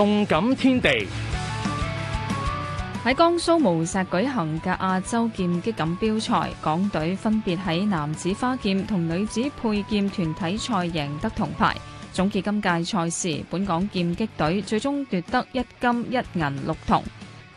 動感天地，喺江蘇無錫舉行嘅亞洲劍擊錦標賽，港隊分別喺男子花劍同女子佩劍團體賽贏得銅牌。總結今屆賽事，本港劍擊隊最終奪得一金一銀六銅。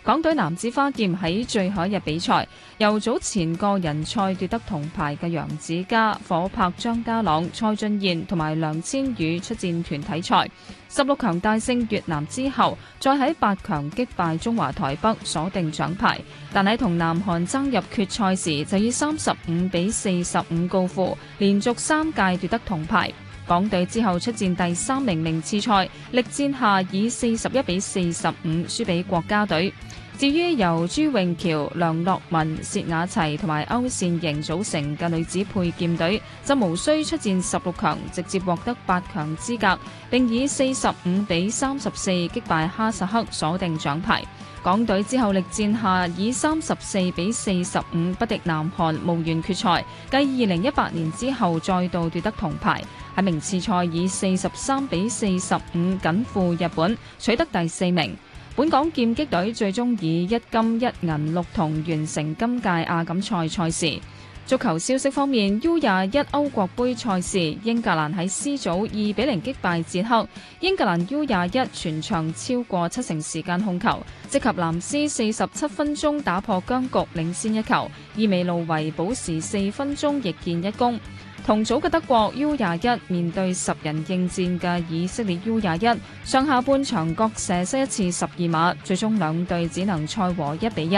港隊男子花劍喺最後一日比賽，由早前個人賽奪得銅牌嘅楊子嘉、火拍張家朗、蔡俊彥同埋梁千羽出戰團體賽，十六強大勝越南之後，再喺八強擊敗中華台北，鎖定獎牌。但喺同南韓爭入決賽時，就以三十五比四十五告負，連續三屆奪得銅牌。港隊之後出戰第三名名次賽，力戰下以四十一比四十五輸俾國家隊。至於由朱穎喬、梁樂文、薛亞齊同埋歐善瑩組成嘅女子佩劍隊，就無需出戰十六強，直接獲得八強資格，並以四十五比三十四擊敗哈薩克，鎖定獎牌。港隊之後力戰下，以三十四比四十五不敵南韓，無緣決賽，繼二零一八年之後再度奪得銅牌。喺名次賽以四十三比四十五僅負日本，取得第四名。本港劍擊隊最終以一金一銀六銅完成今屆亞錦賽賽事。足球消息方面，U 廿一歐國杯賽事，英格蘭喺 C 組二比零擊敗捷克，英格蘭 U 廿一全場超過七成時間控球，即及藍斯四十七分鐘打破僵局，領先一球，伊美路維保時四分鐘亦建一功。同組嘅德國 U 廿一面對十人應戰嘅以色列 U 廿一，上下半場各射失一次十二碼，最終兩隊只能賽和一比一。